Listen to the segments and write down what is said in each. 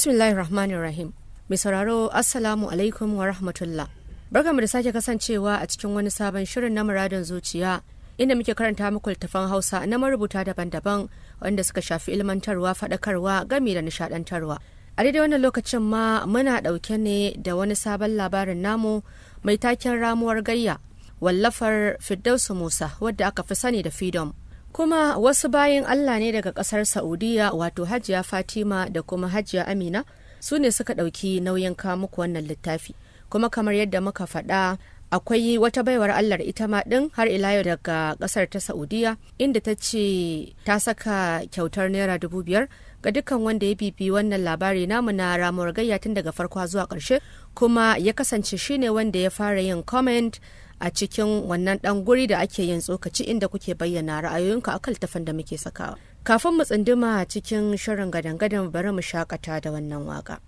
Bismillahir Rahmanir Rahim. Mai sauraro Assalamu alaikum wa rahmatullah. mu da sake kasancewa a cikin wani sabon shirin na muradin zuciya inda muke karanta muku littafan Hausa na marubuta daban-daban wanda suka shafi ilmantarwa, faɗakarwa, gami da nishadantarwa. A daidai wannan lokacin ma muna ɗauke ne da wani sabon labarin namu mai taken ramuwar gayya wallafar Firdausu Musa wadda aka fi sani da Freedom. kuma wasu bayan Allah ne daga ƙasar Saudiya wato Hajiya Fatima da kuma Hajiya Amina su ne suka ɗauki nauyin muku wannan littafi kuma kamar yadda muka faɗa akwai wata baiwar Allah ita ma ɗin har ila yau daga ƙasar ta Saudiya inda ta ce ta saka kyautar naira dubu biyar ga dukkan wanda ya bibi wannan labari namu na ramuwar gayya tun daga farko zuwa ƙarshe kuma ya kasance shine wanda ya fara yin comment a cikin wannan dan guri da ake yin tsokaci inda kuke bayyana ra'ayoyinku akan tafan da muke sakawa kafin mu tsunduma cikin shirin gadan-gadan bari mu shakata da wannan waka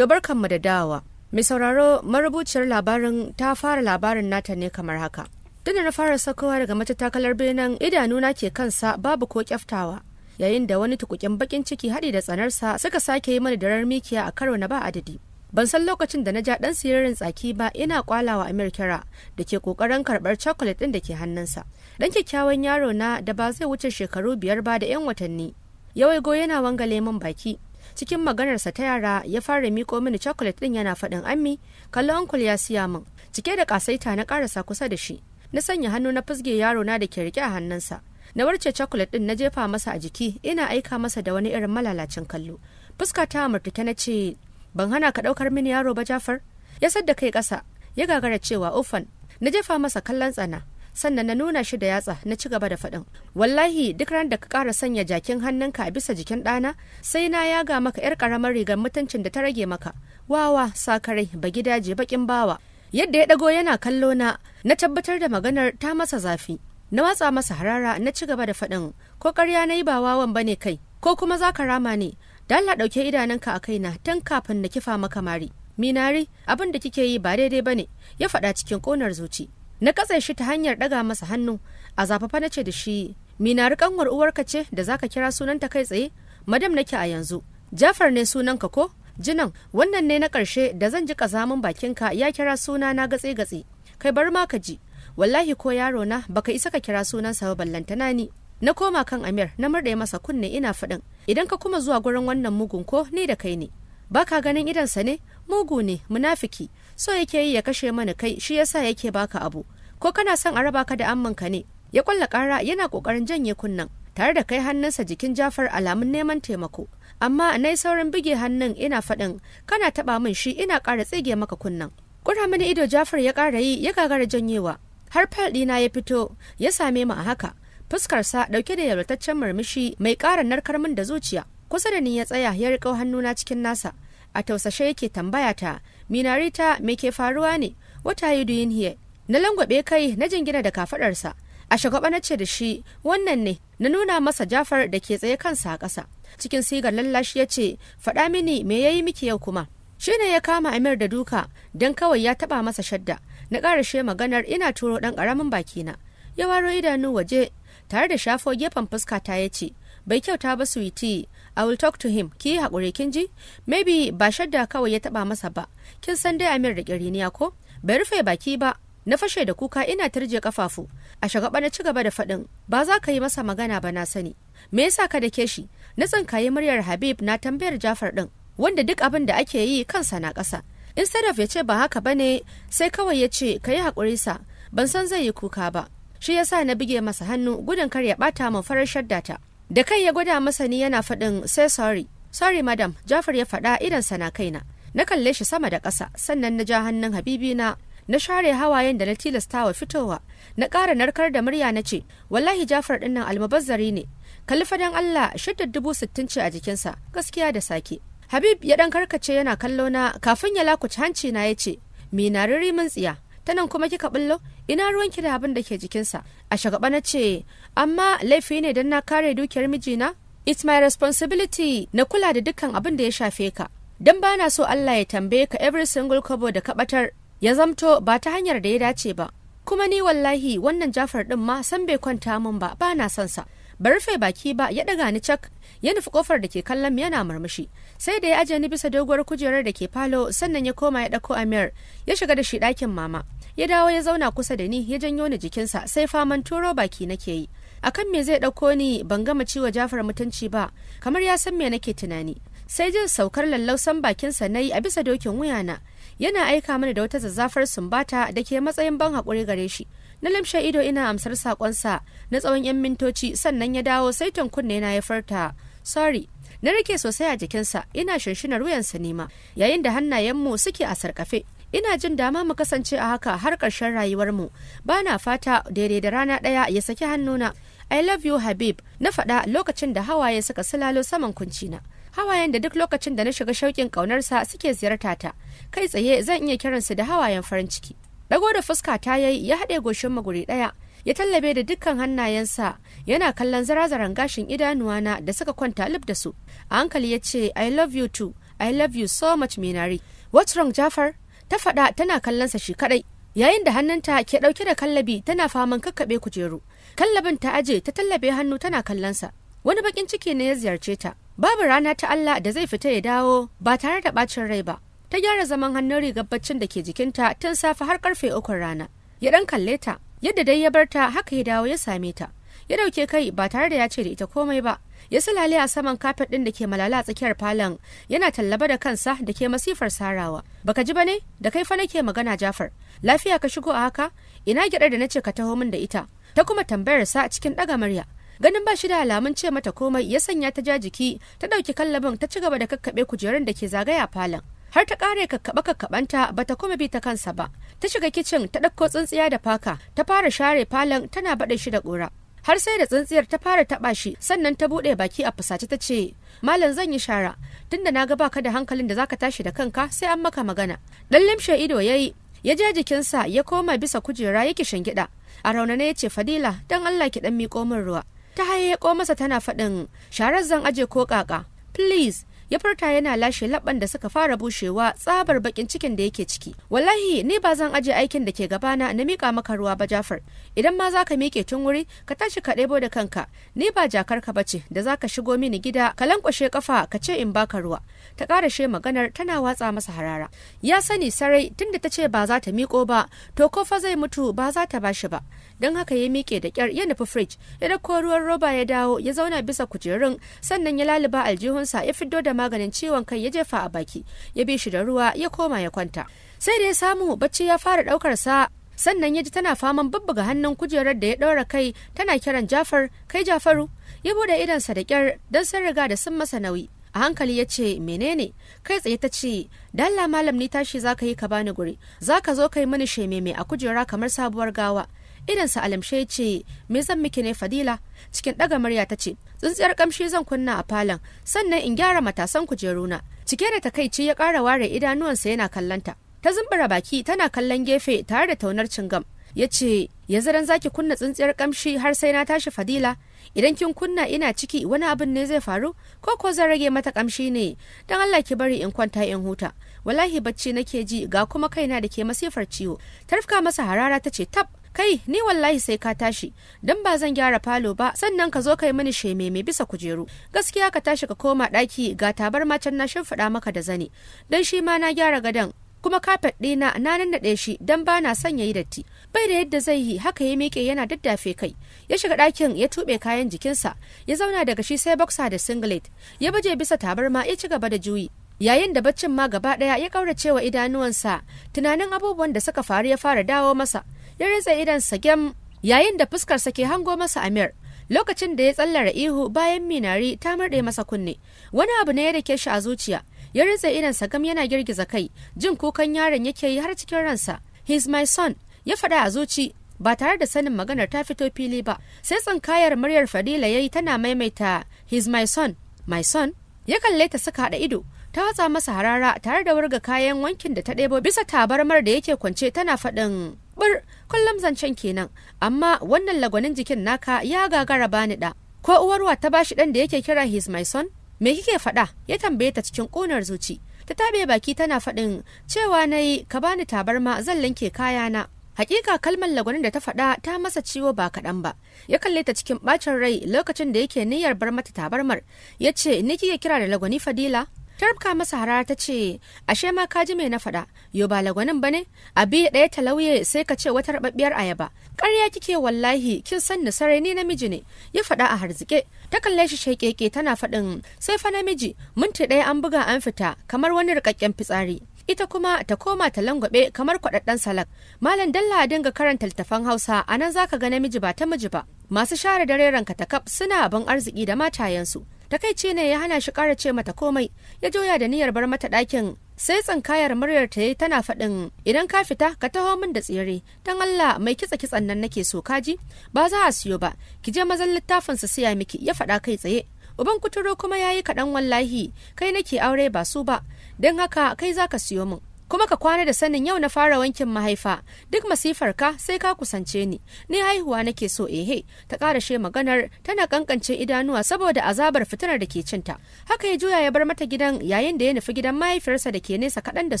to barkanmu da dawa mai sauraro marubuciyar labarin ta fara labarin nata ne kamar haka tunda na fara sakowa daga matatakalar benen idanuna ke kansa babu ko kyaftawa yayin da wani tukukin bakin ciki haɗi da tsanarsa suka sake yi mana darar mikiya a karo na ba adadi ban san lokacin da na ja dan siyarin tsaki ba ina kwalawa Amir kira da ke kokarin karbar chocolate din da ke hannunsa dan kyakkyawan yaro na da ba zai wuce shekaru biyar ba da yan watanni Yawai go yana wanga lemon baki cikin maganarsa ta yara ya fara miko mini chocolate din yana faɗin ammi kallon uncle ya siya min cike da kasaita na karasa kusa da shi na sanya hannu na fusge yaro na da ke rike a hannunsa na warce chocolate din na jefa masa a jiki ina aika masa da wani irin malalacin kallo fuska ta na ce ban hana ka ɗaukar mini yaro ba jafar ya sadda kai ƙasa ya gagara cewa ufan na jefa masa kallon tsana sannan na nuna shi da yatsa na ci gaba da faɗin wallahi duk ran da ka ƙara sanya jakin hannunka a bisa jikin ɗana sai na ya ga maka 'yar ƙaramar rigar mutuncin da ta rage maka wawa sakarai ba gidaje baƙin bawa yadda ya ɗago yana kallo na na tabbatar da maganar ta masa zafi na watsa masa harara na ci gaba da faɗin ko ƙarya na yi ba wawan ba ne kai ko kuma za ka rama ne da ɗauke idanunka a kaina tun kafin na kifa maka mari minari abin da kike yi ba daidai bane ya faɗa cikin ƙonar zuci na katse shi ta hanyar ɗaga masa hannu a zafafa na ce da shi minari kanwar uwarka ce da zaka kira sunanta kai tsaye madam nake a yanzu jafar ne sunanka ko jinan wannan ne na ƙarshe da zan ji ƙazamin bakinka ya kira suna na gatse gatse kai bar ma ka ji wallahi ko yaro na baka isa ka kira sunansa ba ballantana ni na koma kan amir na murɗe masa kunne ina faɗin idan ka kuma zuwa gurin wannan mugun ko ni da kai ne ba ka ganin idansa ne mugu ne munafiki so yake yi ya kashe mana kai shi yasa yake baka abu ko kana son a raba ka da ammanka ne ya kwalla kara yana kokarin janye kunnan tare da kai hannunsa jikin Jafar alamun neman taimako amma na yi saurin bige hannun ina faɗin kana taɓa min shi ina ƙara tsige maka kunnan ƙura mini ido Jafar ya ƙara yi ya gagara janyewa har fal ɗina ya fito ya same mu a haka fuskarsa dauke da yalwataccen murmushi mai ƙara narkar min da zuciya kusa da ni ya tsaya ya riƙo hannuna cikin nasa a tausashe yake tambaya ta minarita me ke faruwa ne what are you doing here na langwabe kai na jingina da kafadarsa a shagwaba na ce da shi wannan ne na nuna masa jafar da ke tsaye kansa a ƙasa cikin sigar lallashi ya ce faɗa mini me yayi miki yau kuma shi ne ya kama amir da duka don kawai ya taɓa masa shadda na ƙarashe maganar ina turo ɗan ƙaramin bakina ya waro idanu waje tare da shafo gefen fuska ta ya ce bai kyauta ba sweetie I will talk to him ki haƙuri kin ji maybe ba shadda kawai ya taba masa ba kin san dai Amir da Kiriniya ko bai rufe baki ba na fashe da kuka ina tarje kafafu a shagaba na ci gaba da faɗin ba za ka yi masa magana ba na sani me yasa ka dake shi na yi muryar Habib na tambayar Jafar din wanda duk abin da ake yi kansa na ƙasa instead of ya ce ba haka bane sai kawai ya ce ka yi haƙuri sa ban san zai yi kuka ba shi ya sa na bige masa hannu gudun kar ya bata min farar shaddata da kai ya gwada masa ni yana faɗin sai sorry sorry madam jafar ya faɗa idan sana kaina na kalle shi sama da ƙasa sannan na ja hannun habibi na na share hawayen da na tilasta wa fitowa na ƙara narkar da murya na ce wallahi jafar ɗinnan nan almabazzari ne kalifa dan allah shidda dubu sittin ce a jikinsa gaskiya da sake habib ya ɗan karkace yana kallo na kafin ya lakuci hanci na ya ce "Mina riri mun tsiya ta nan kuma kika bullo ina ruwan ki da abin da ke jikinsa a shagaba na ce amma laifi ne don na kare dukiyar mijina it's my responsibility na kula da dukkan abin da ya shafe ka don ba na so Allah ya tambaye ka every single kobo da kabatar ya zamto ba ta hanyar da ya dace ba kuma ni wallahi wannan jafar din ma san bai kwanta mun ba ba na son sa ba rufe baki ba ya daga ni cak ya nufi kofar da ke kallon yana murmushi sai da ya aje ni bisa doguwar kujerar da ke falo sannan ya koma ya ɗauko amir ya shiga da shi ɗakin mama ya dawo ya zauna kusa da ni ya janyo ni jikinsa sai faman turo baki nake yi akan me zai dauko ni ban gama ciwo jafar mutunci ba kamar ya san me nake tunani sai jin saukar lallausan bakinsa na yi a bisa dokin wuyana yana aika mani da wata zazzafar sumbata da ke matsayin ban haƙuri gare shi na lamshe ido ina amsar sakonsa na tsawon 'yan mintoci sannan ya dawo sai kunne na ya farta sorry na rike sosai a jikinsa ina shinshinar wuyansa nema yayin da hannayenmu suke a sarkafe ina jin dama mu kasance a haka har ƙarshen rayuwarmu ba na fata daidai da rana ɗaya ya saki hannuna I love you Habib na faɗa lokacin da hawaye suka silalo saman kuncina. hawayen da duk lokacin da na shiga shauƙin ƙaunarsa suke ziyarta ta kai tsaye zan iya kiransu da hawayen farin ciki dago da fuska ta yayi ya haɗe goshin maguri ɗaya ya tallabe da dukkan hannayensa yana kallon zarazaran gashin idanuwana da suka kwanta lub da su a hankali ya ce i love you too i love you so much minari what's wrong jafar ta faɗa tana kallonsa shi kaɗai yayin da hannunta ke ɗauke da kallabi tana faman kakkaɓe kujeru kallabin ta aje ta tallabe hannu tana kallonsa wani bakin ciki ne ya ziyarce ta babu rana ta Allah da zai fita ya dawo ba tare da ɓacin rai ba ta gyara zaman hannun rigar baccin da ke jikinta tun safe har karfe ukun rana ya dan kalle ta yadda dai ya bar ta haka ya dawo ya same ta ya dauke kai ba tare da ya ce da ita komai ba ya silale a saman kafet din da ke malala a tsakiyar falon yana tallaba da kansa da ke masifar sarawa baka ji ba ne da kai fa nake magana jafar lafiya ka shigo a haka ina gyaɗar da na ce ka taho min da ita ta kuma tambayar sa cikin ɗaga murya ganin ba shi da alamun ce mata komai ya sanya ta ja jiki ta ɗauki kallabin ta ci gaba da kakkaɓe kujerun da ke zagaya falon har ta kare kakkaɓe-kakkaɓenta ba ta kuma bi ta kansa ba ta shiga kicin ta ɗauko tsintsiya da faka ta fara share falon tana baɗe shi da ƙura har sai da tsintsiyar ta fara taɓa shi sannan ta buɗe baki a fusace ta ce malam zan yi shara tunda na ga baka da hankalin da zaka tashi da kanka sai an maka magana dan limshe ido yayi ya je jikinsa ya koma bisa kujera yake shingida a raunana ya ce fadila dan allah ki dan miƙo min ruwa ta haye ya masa tana faɗin sharar zan aje ko ƙaƙa please ya furta yana lashe labban da suka fara bushewa tsabar bakin cikin da yake ciki wallahi ni ba zan aje aikin da ke gabana na mika maka ruwa ba Jafar idan ma zaka mike tun wuri ka tashi ka ɗebo da kanka ni ba jakar ka bace da zaka shigo mini gida ka lankwashe kafa ka ce in baka ruwa ta karashe maganar tana watsa masa harara ya sani sarai tunda ta ce ba za ta miko ba to ko fa zai mutu ba za ta bashi ba don haka ya miƙe da kyar ya nufi fridge ya dauko ruwan roba ya dawo ya zauna bisa kujerun sannan ya laluba aljihunsa ya fiddo da maganin ciwon kai ya jefa a baki ya bi shi da ruwa ya koma ya kwanta sai da ya samu bacci ya fara ɗaukar sa sannan ya ji tana faman bubbuga hannun kujerar da ya ɗaura kai tana kiran jafar kai jafaru ya bude idansa da kyar don sun riga da sun masa nauyi a hankali ya ce menene kai tsaye ta ce dalla malam ni tashi zaka yi ka bani guri zaka zo kai mini sheme mai a kujera kamar sabuwar gawa Idonsa alamshe ce me zan miki ne fadila cikin ɗaga murya ta ce tsintsiyar kamshi zan kunna a falon sannan in gyara matasan kujeru na. cike da takaici ya kara ware idanuwansa yana kallanta ta zumbura baki tana kallon gefe tare da taunar cingam ya ce yanzu dan zaki kunna tsintsiyar kamshi har sai na tashi fadila idan kin kunna ina ciki wani abin ne zai faru ko ko zan rage mata kamshi ne dan Allah ki bari in kwanta in huta wallahi bacci nake ji ga kuma kaina da ke masifar ciwo tarfka masa harara ta ce tab kai ni wallahi sai ka tashi dan ba zan gyara falo ba sannan ka zo kai mini sheme mai bisa kujeru gaskiya ka tashi ka koma ɗaki ga tabar can na shimfiɗa maka da zane don shi ma na gyara gadon kuma kafet ɗina na nannaɗe shi don ba na son ya yi datti bai da yadda zai yi haka ya miƙe yana daddafe kai ya shiga ɗakin ya tuɓe kayan jikinsa ya zauna daga shi sai boxer da singlet ya baje bisa tabarma ya ci gaba da juyi yayin da baccin ma gaba ɗaya ya ƙaurace wa idanuwansa tunanin abubuwan da suka faru ya fara dawo masa ya ritsa idan sagem yayin da fuskarsa ke hango masa Amir lokacin da ya tsallara ihu bayan minari ta murɗe masa kunne wani abu ne ya dake shi a zuciya ya ritsa idan sagam yana girgiza kai jin kukan yaron yake yi har cikin ransa he's my son ya faɗa a zuci ba tare da sanin maganar ta fito fili ba sai tsinkayar muryar fadila ya yi tana maimaita he's my son my son ya kalle ta suka haɗa ido ta watsa masa harara tare da wurga kayan wankin da ta ɗebo bisa tabarmar da yake kwance tana faɗin bur kullum zancen kenan amma wannan lagwanin jikin naka ya gagara bani da ko uwarwa ta bashi dan da yake kira his my son me kike faɗa ya tambaye ta cikin ƙunar zuci ta tabe baki tana faɗin cewa na yi ka bani tabarma zan lanke kayana hakika kalmar lagwanin da ta faɗa ta masa ciwo ba kaɗan ba ya kalle ta cikin ɓacin rai lokacin da yake niyyar bar mata tabarmar ya ce ni kike kira da lagwani fadila tarbka masa harara ta ce ashe ma ka ji mai na faɗa yo ba lagwanin ba ne A biyu ɗaya ta lauye sai ka ce wata rababbiyar ayaba ƙarya kike wallahi kin san ni sarai ni namiji ne ya faɗa a harzike ta kalle shi shaikeke tana faɗin sai fa namiji minti ɗaya an buga an fita kamar wani rikakken fitsari ita kuma ta koma ta langwabe kamar kwaɗaɗɗen salak malam dalla a dinga karanta littafan hausa Anan zaka ga namiji ba ta miji ba masu share dare ranka ta kaf suna abin arziki da matayensu takaici ne ya hana shi ƙara ce mata komai ya juya da niyyar bar mata ɗakin sai tsinkayar muryar ta yi tana faɗin idan ka fita ka taho min da tsere don Allah mai kitsa kitsan nan nake so kaji ba za a siyo ba ki je mazan littafin su siya miki ya faɗa kai tsaye uban kuturo kuma ya yi kaɗan wallahi kai nake aure ba su ba don haka kai za ka siyo min kuma ka kwana da sanin yau na fara wankin mahaifa duk masifar ka sai ka kusance ni ni haihuwa nake so ehe ta karashe maganar tana kankance idanuwa saboda azabar fitinar da ke cinta haka ya juya ya bar mata gidan yayin da ya nufi gidan mahaifiyarsa da ke nesa kaɗan da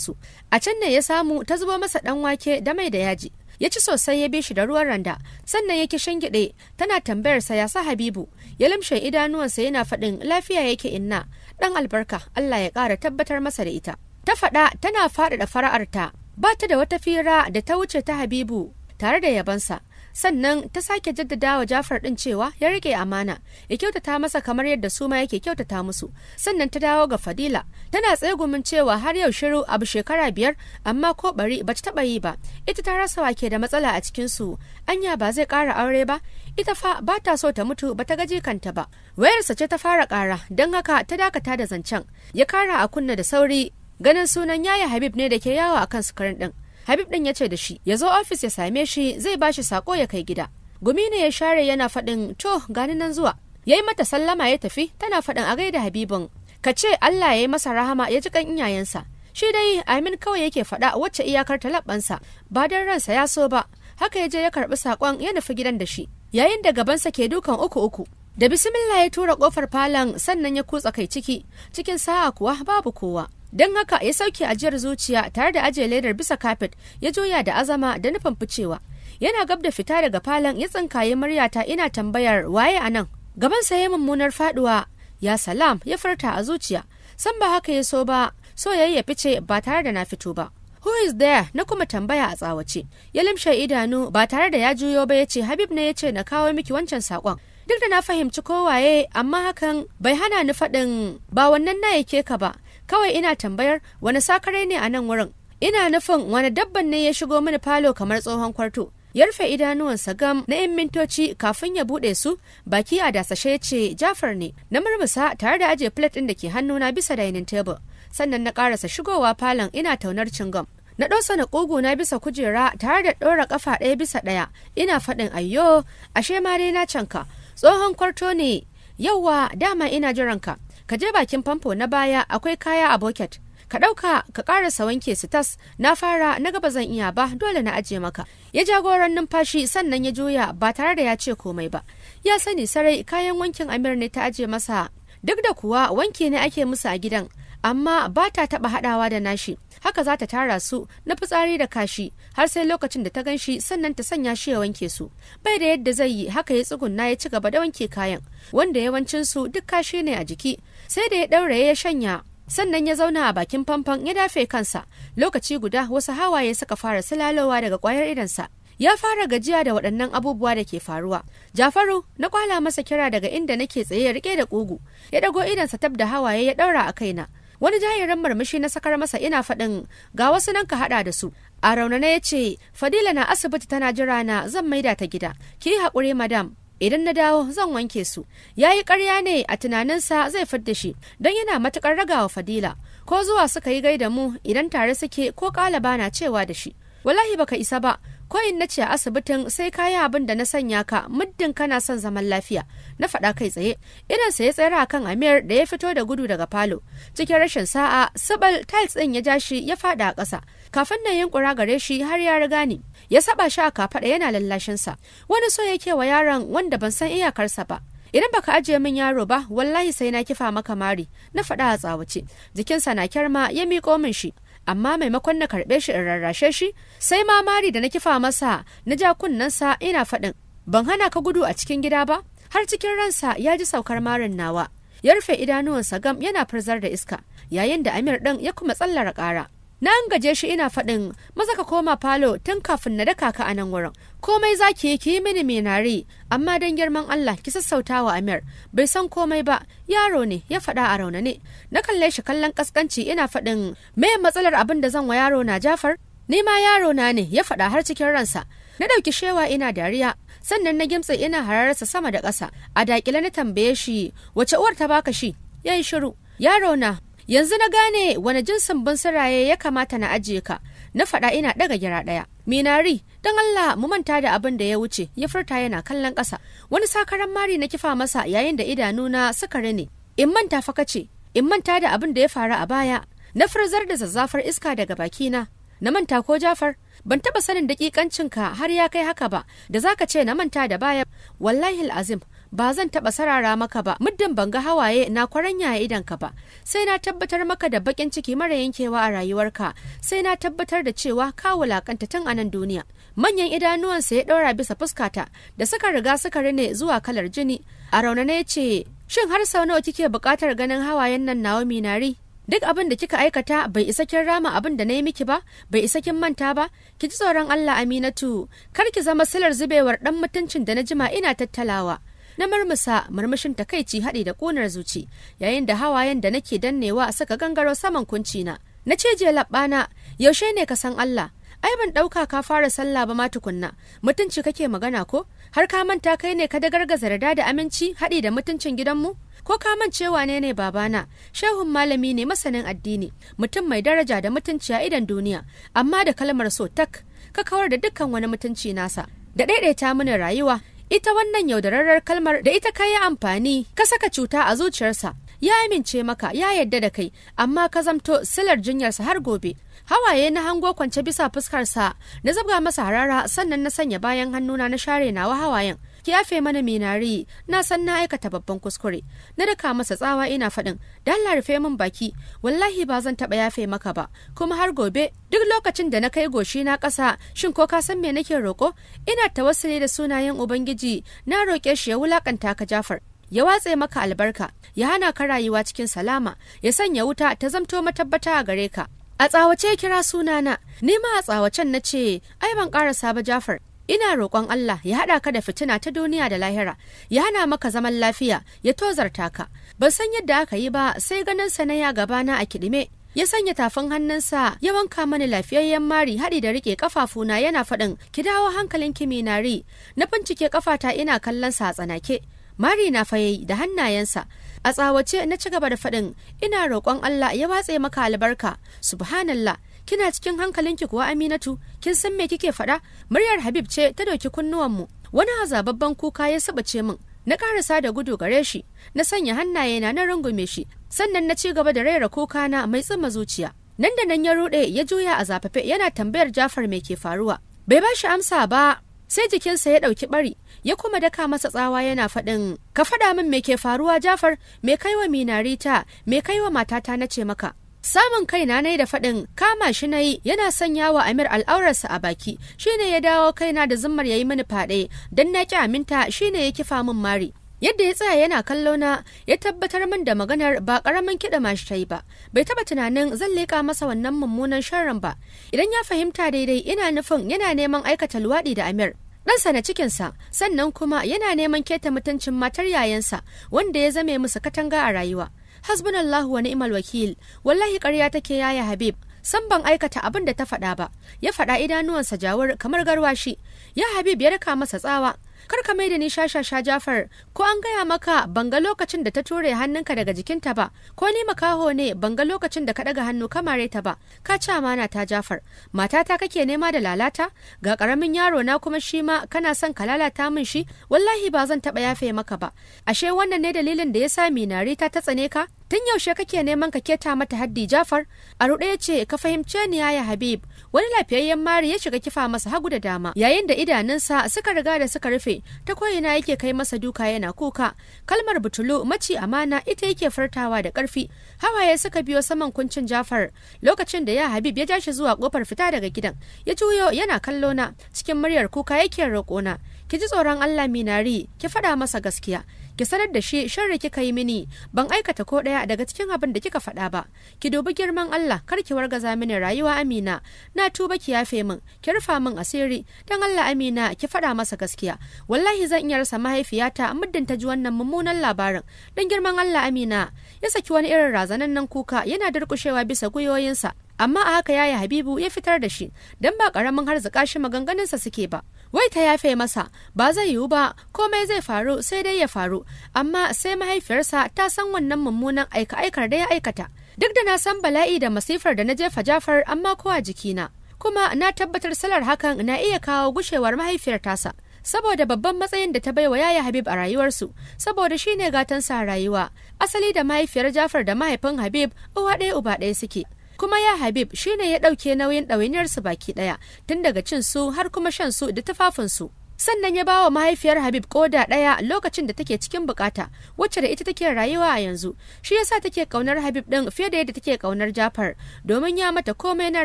su a can ne ya samu ta zubo masa ɗan wake da mai da yaji ya ci sosai ya bi shi da ruwan randa sannan ya kishin gide tana tambayar sa ya sa habibu ya lamshe idanuwansa yana faɗin lafiya yake inna dan albarka allah ya ƙara tabbatar masa da ita ta faɗa tana faɗaɗa fara'arta ba ta da wata fira da ta wuce ta habibu tare da yabansa sannan ta sake jaddada wa jafar ɗin cewa ya rike amana ya kyautata masa kamar yadda su ma yake kyautata musu sannan ta dawo ga fadila tana tsegumin cewa har yau shiru abu shekara biyar amma ko bari ba ta taba yi ba ita ta rasa wake da matsala a cikin su anya ba zai kara aure ba ita fa ba ta so ta mutu ba ta gaji kanta ba wayarsa ce ta fara kara don haka ta dakata da zancen ya kara a kunna da sauri ganin sunan yaya habib ne da ke yawo a kan sukarin din habib din ya ce da shi ya zo ofis ya same shi zai ba shi sako ya kai gida gumi ne ya share yana faɗin to gani nan zuwa ya yi mata sallama ya tafi tana faɗin a gaida habibin ka ce allah ya yi masa rahama ya ji kan iyayensa shi dai amin kawai yake faɗa wacce iyakar talabansa. ba don ransa ya so ba haka ya je ya karɓi saƙon ya nufi gidan da shi yayin da gabansa ke dukan uku uku da bisimillah ya tura ƙofar falon sannan ya kutsa kai ciki cikin sa'a kuwa babu kowa don haka ya sauke ajiyar zuciya tare da ajiye ledar bisa kafet ya juya da azama da nufin ficewa yana gab da fita daga falon ya tsinkaye muryata ina tambayar waye a nan gaban sa ya mummunar faduwa ya salam ya furta a zuciya san ba haka ya so ba so yi ya fice ba tare da na fito ba who is there na kuma tambaya a tsawace ya limshe idanu ba tare da ya juyo ba ya ce habib ne ya ce na kawo miki wancan sakon duk da na fahimci kowaye amma hakan bai hana ni faɗin ba wannan na yake ka ba kawai ina tambayar wani sakare ne a nan wurin ina nufin wani dabban ne ya shigo mini falo kamar tsohon kwarto ya rufe idanuwansa gam na 'yan mintoci kafin ya bude su baki a dasashe ya ce jafar ne na murmusa tare da ajiye plate ɗin da ke hannu hannuna bisa dining tebur. sannan na karasa shigowa falon ina taunar cin gam. na ɗosa na na bisa kujera tare da ɗora ƙafa ɗaya bisa ɗaya ina faɗin ayyo ashe ma dai na canka tsohon kwarto ne yauwa dama ina jiranka ka je bakin famfo na baya akwai kaya a boket. ka ɗauka ka ƙarasa wanke su tas na fara na gaba zan iya ba dole na aje maka ya jagoran numfashi sannan ya juya ba tare da ya ce komai ba ya sani sarai kayan wankin amir ne ta aje masa duk da kuwa wanke ne ake musu a gidan amma ba ta taɓa haɗawa da nashi haka za ta tara su na fitsari da kashi har sai lokacin da ta gan shi sannan ta sanya shi ya wanke su bai da yadda zai yi haka ya tsugunna ya ci gaba da wanke kayan wanda yawancinsu duk kashi ne a jiki sai da ya ɗaure ya shanya sannan ya zauna a bakin famfon ya dafe kansa lokaci guda wasu hawaye suka fara silalowa daga kwayar idansa ya fara gajiya da waɗannan abubuwa da ke faruwa jafaru na kwala masa kira daga inda nake tsaye ya rike da ƙugu ya ɗago idansa tab da hawaye ya ɗaura a kaina wani jahirin marmashi na sakar masa ina faɗin ga wasu nan ka haɗa da su a raunana ya ce fadila na asibiti tana jira na zan maida ta gida ki yi haƙuri madam idan na dawo zan wanke su ya yi karya ne a tunaninsa zai fadda shi don yana matukar ragawa fadila ko zuwa suka yi gaida mu idan tare suke ko ƙalaba na cewa da shi wallahi baka isa ba ko in na ce a asibitin sai kayi abin da na sanya ka muddin kana son zaman lafiya na faɗa kai tsaye idan sa ya tsayar akan Amir da ya fito da gudu daga falo cikin rashin sa'a sibal tiles din ya ja shi ya faɗa a ƙasa kafin nan yankura gare shi har ya riga ni ya saba shi a kafaɗa yana lallashin sa wani so yake wa yaron wanda ban san iyakarsa ba idan baka ajiye min yaro ba wallahi sai na kifa maka mari na faɗa a tsawace jikinsa na kyarma ya miƙo min shi amma maimakon na karɓe shi in rarrashe shi sai ma mari da na kifa masa na ja sa ina faɗin ban hana ka gudu a cikin gida ba har cikin ransa ya ji saukar marin nawa ya rufe idanuwansa gam yana farzar da iska yayin da amir ɗin ya kuma tsallara ƙara nan gaje shi ina faɗin maza ka koma falo tun kafin na daka ka a nan wurin komai za ki yi ki yi mini menare amma don girman Allah ki sassauta wa Amir bai san komai ba yaro ne ya faɗa a rauna ne na kalle shi kallon kaskanci ina faɗin me matsalar abin da zan wa yaro na Jafar ni ma yaro na ne ya faɗa har cikin ransa na ɗauki shewa ina dariya sannan na gimtsa ina hararsa sama da ƙasa a dakile na tambaye shi wace uwar ta baka shi yayi shiru yaro na yanzu na gane wani jinsin bansiraye ya kamata na ajiye ka na faɗa ina ɗaga gira ɗaya minari don allah mu manta da abin da ya wuce ya furta yana kallon ƙasa wani sakaran mari na kifa masa yayin da idanuna suka rene in manta fa ce. in manta da abin da ya faru a baya na furzar da zazzafar iska daga bakina na manta ko jafar ban taba sanin dakikancinka har ya kai haka ba da zaka ce na manta da baya wallahi azim ba zan taɓa sarara maka ba muddin ban ga hawaye na kwaranya a idan ka ba sai na tabbatar maka da bakin ciki mara yankewa a rayuwarka sai na tabbatar da cewa ka wulakanta tun a nan duniya manyan idanuwansa ya ɗaura bisa fuskata da suka riga suka rine zuwa kalar jini a raunana ya ce shin har sau nawa kike buƙatar ganin hawayen nan nawa minari duk abin da kika aikata bai isa kin rama abin da na yi miki ba bai isa kin manta ba ki ji tsoron Allah Aminatu kar ki zama silar zubewar dan mutuncin da na jima ina tattalawa na marmasa marmashin takaici haɗi da ƙonar zuci yayin da hawayen da nake dannewa a saka gangaro saman kunci na na ce je labbana yaushe ne ka san Allah ai ban ɗauka ka fara sallah ba ma tukunna mutunci kake magana ko har ka manta kai ne ka da gargaza da da aminci haɗi da mutuncin gidanmu ko ka mancewa ne ne babana shehun malami ne masanin addini mutum mai daraja da mutunci a idan duniya amma da kalmar so tak ka kawar da dukkan wani mutunci nasa da daidaita mini rayuwa ita wannan yaudararrar kalmar da ita ka yi amfani ka saka cuta a zuciyarsa ya amince maka ya yadda da kai amma ka zamto silar jinyarsa har gobe hawaye na hango kwance bisa fuskarsa na zabga masa harara sannan na sanya bayan hannuna na share nawa hawayen ki mana minari na san na aikata babban kuskure na daka masa tsawa ina faɗin dalla rufe min baki wallahi ba zan taɓa yafe maka ba kuma har gobe duk lokacin da na kai goshi na ƙasa shin ko ka san me nake roƙo ina ta tawassuli da sunayen ubangiji na roƙe shi ya wulaƙanta ka jafar ya watse maka albarka ya hana ka rayuwa cikin salama ya sanya wuta ta zamto matabbata a gare ka a tsawace kira sunana ni ma a tsawacen na ce ai ban ƙarasa ba jafar ina roƙon Allah ya haɗa ka da fitina ta duniya da lahira ya hana maka zaman lafiya ya tozarta ka ban san yadda aka yi ba sai ganin sa na ya gabana a kidime ya sanya tafin hannunsa ya wanka mani lafiyayyen mari haɗi da riƙe kafafuna yana faɗin ki dawo hankalin kiminari na bincike ƙafata ina kallon sa a tsanake mari na fayayi da hannayensa a tsawace na ci gaba da faɗin ina roƙon Allah ya watse maka albarka subhanallah kina cikin hankalinki kuwa Aminatu kin san me kike faɗa muryar Habib ce ta ɗauki mu. wani azababban kuka ya sabace min na karasa da gudu gare shi na sanya hannaye na na rungume shi sannan na ci gaba da raira kuka na mai tsima zuciya nan da nan ya ruɗe ya juya a zafafe yana tambayar Jafar me ke faruwa bai ba shi amsa ba sai jikinsa ya ɗauki ɓari ya kuma daka masa tsawa yana faɗin ka faɗa min me ke faruwa jafar me kaiwa minarita me kaiwa matata na ce maka samun kaina na da faɗin kama shi na yi yana sanya wa amir al'aurarsa a baki shine ya dawo kaina da zumar ya yi mini faɗe don na ƙi aminta shine ya kifa min mari yadda ya tsaya yana kallo na ya tabbatar min da maganar ba karamin kiɗa shi ta yi ba bai taba tunanin zan leƙa masa wannan mummunan sharran ba idan ya fahimta daidai ina nufin yana neman aikata luwaɗi da amir ɗansa na cikinsa sannan kuma yana neman keta mutuncin matar yayansa wanda ya zame musu katanga a rayuwa hasbunallahu wa ni'mal wakil wallahi karya take yaya habib san ban aikata abin da ta faɗa ba ya faɗa idanuwansa jawar kamar garwashi ya habib ya raka masa tsawa kar ka mai da ni sha-sha-sha, jafar ko an gaya maka banga lokacin da ta ture hannunka daga jikinta ba ko ni makaho ne banga lokacin da ka daga hannu ka mare ta ba ka ci amana ta jafar matata kake nema da lalata ga karamin yaro na kuma shi ma kana son ka lalata min shi wallahi ba zan taba yafe maka ba ashe wannan ne dalilin da ya sa minari ta ta tsane ka tun yaushe kake neman ka keta mata haddi jafar a ruɗe ya ce ka fahimce ni yaya habib wani lafiyayyen mari ya shiga kifa masa hagu da dama yayin da idanunsa suka riga da suka rufe ta koyina yake kai masa duka yana kuka kalmar butulu maci amana ita yake fartawa da ƙarfi hawaye suka biyo saman kuncin jafar lokacin da ya habib ya ja shi zuwa kofar fita daga gidan ya juyo yana kallona. cikin muryar kuka yake roƙona ki ji tsoron Allah minari ki faɗa masa gaskiya ki sanar da shi sharri kika yi mini ban aikata ko ɗaya daga cikin abin da kika faɗa ba ki dubi girman Allah kar ki wargaza mini rayuwa Amina na tuba ki yafe min ki rufa min asiri dan Allah Amina ki faɗa masa gaskiya wallahi zan iya rasa mahaifiyata muddin ta ji wannan mummunan labarin dan girman Allah Amina ya saki wani irin razanan nan kuka yana durƙushewa bisa gwiwoyinsa amma a haka yaya Habibu ya fitar da shi dan ba ƙaramin harzika shi maganganunsa suke ba wai ta yafe masa ba zai yiwu ba komai zai faru sai dai ya faru amma sai mahaifiyarsa ta san wannan mummunan aika-aikar da ya aikata duk da na san bala'i da masifar da na jefa jafar amma ko kowa jikina kuma na tabbatar salar hakan na iya kawo gushewar mahaifiyar tasa saboda babban matsayin da ta baiwa yaya Habib a rayuwarsu saboda shine gatansa sa rayuwa asali da mahaifiyar Jafar da mahaifin Habib uwa ɗaya uba ɗaya suke kuma ya habib shine ya ɗauke nauyin ɗawainiyarsu baki ɗaya tun daga cin su har kuma shan su da tufafinsu sannan ya bawa mahaifiyar habib koda ɗaya lokacin da take cikin bukata wacce da ita take rayuwa a yanzu shi yasa take ƙaunar habib ɗin fiye da yadda take kaunar jafar domin ya mata komai na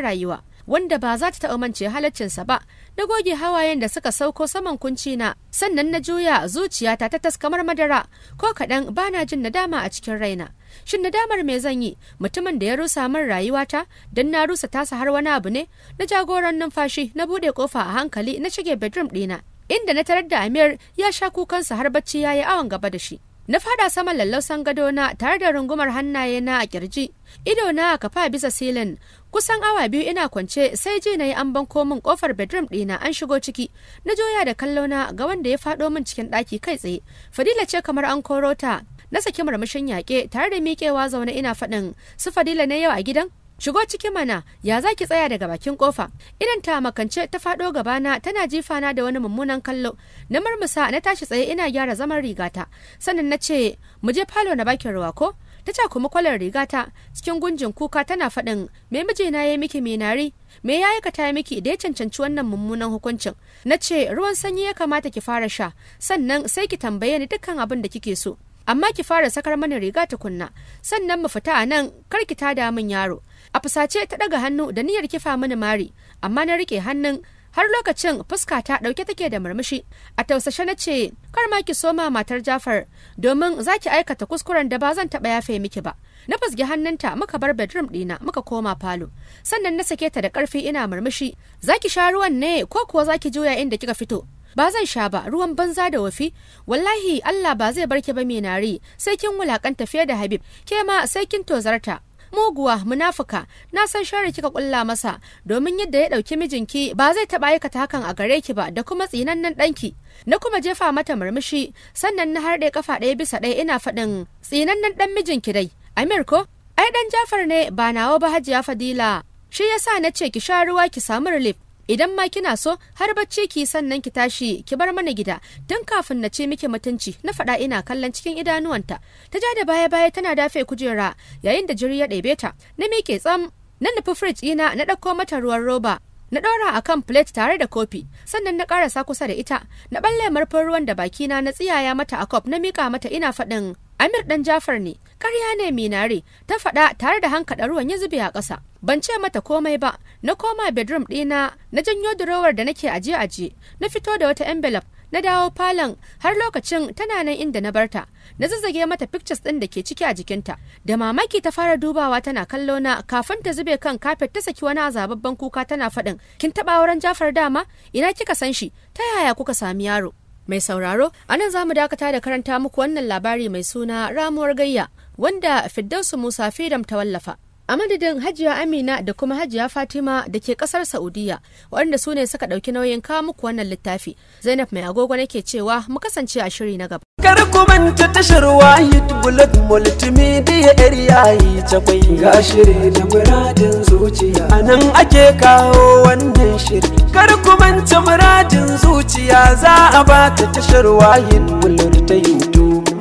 rayuwa wanda ba za ta taɓa mance halaccinsa ba na goge hawayen da suka sauko saman kunci na sannan na juya zuciyata ta taskamar madara ko kaɗan bana jin nadama a cikin raina shin nadamar me zan yi mutumin da ya rusa min rayuwata don na rusa tasa har wani abu ne na jagoran numfashi na buɗe kofa a hankali na shige bedroom ɗina inda na tarar da Amir ya sha kukansa har bacci ya yi awon gaba da shi. na fada saman lallausan gadona tare da rungumar hannaye na a kirji Idona na kafa bisa silin kusan awa biyu ina kwance sai ji na yi an banko min kofar bedroom dina, an shigo ciki na joya da kallona ga wanda ya fado min cikin ɗaki kai tsaye fadila ce kamar an korota. na saki murmushin yaƙe tare da miƙewa zaune ina faɗin su fadila ne yau a gidan shigo ciki mana ya za ki tsaya daga bakin kofa idan ta makance ta faɗo gabana tana jifana da wani mummunan kallo na marmusa na tashi tsaye ina gyara zaman rigata sannan na ce mu je falo na bakin ruwa ko ta ce kuma kwalar rigata cikin gunjin kuka tana faɗin me mijina ya yi miki me nari me ya aikata ya miki da ya cancanci wannan mummunan hukuncin na ce ruwan sanyi ya kamata ki fara sha sannan sai ki tambaye ni dukkan abin da kike so amma ki fara sakar mana riga tukunna sannan mu fita a nan kar ki tada min yaro a fusace ta daga hannu da niyyar kifa mini mari amma na rike hannun har lokacin fuska ta dauke take da murmushi a tausashe na ce kar ma ki soma matar Jafar domin za ki aikata kuskuren da ba zan taba yafe miki ba na fusge hannunta muka bar bedroom dina muka koma falo sannan na sake ta da karfi ina murmushi za ki sha ruwan ne ko kuwa za ki juya inda kika fito ba zan sha ba ruwan banza da wafi wallahi Allah ba zai barke ba mai sai kin wulakanta fiye da Habib ke ma sai kin tozarta muguwa munafuka na san share kika kulla masa domin yadda ya dauki mijinki ba zai taba aikata hakan a gare ki ba da kuma tsinannen danki na kuma jefa mata murmushi sannan na harde kafa ɗaya bisa ɗaya ina faɗin tsinannen dan mijinki dai Amir ko ai dan Jafar ne ba nawa ba Hajiya Fadila shi yasa na ce ki sha ruwa ki samu relief idan ma kina so har bacci ki sannan ki tashi ki bar mana gida tun kafin na ce miki mutunci na faɗa ina kallon cikin idanuwanta ta ja da baya baya tana dafe kujera yayin da jiri ya ɗebe ta na miƙe tsam na nufi firij ina na ɗauko mata ruwan roba na ɗora a kan plate tare da kofi sannan na ƙarasa kusa da ita na ɓalle marfin ruwan da bakina na tsiyaya mata a kwaf na miƙa mata ina faɗin Amir ɗan Jafar ne, karya ne minare, ta faɗa tare da hankaɗa ruwan ya zube a ƙasa. Ban ce mata komai ba, na koma bedroom ɗina, na janyo durowar da nake aje aje, na fito da wata envelope, na dawo falon har lokacin tana nan inda na barta, na zazzage mata pictures ɗin da ke ciki a jikinta. Da mamaki ta fara dubawa tana kallo na kafin ta zube kan kafet ta saki wani azababban kuka tana faɗin, kin taɓa wurin Jafar dama? Ina kika san shi? Ta yaya kuka sami yaro? Mai sauraro, anan za mu dakata da karanta muku wannan labari mai suna ramuwar gayya wanda firdausu Musa Fidam ta wallafa. a madadin hajiya amina da kuma hajiya fatima da ke kasar saudiya waɗanda su ne suka ɗauki nauyin kawo muku wannan littafi zainab mai agogo nake cewa mu kasance a shiri na gaba kar ku manta tashar wahid bullet multimedia area yi takwai ga shiri da muradin zuciya a nan ake kawo wannan shiri kar ku manta muradin zuciya za a ba ta tashar wahid bullet ta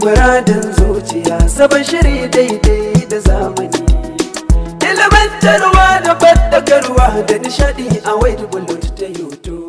muradin zuciya sabon shiri daidai da zamani Ilimantarwa da fadakarwa da nishadi a wayar bullet ta YouTube.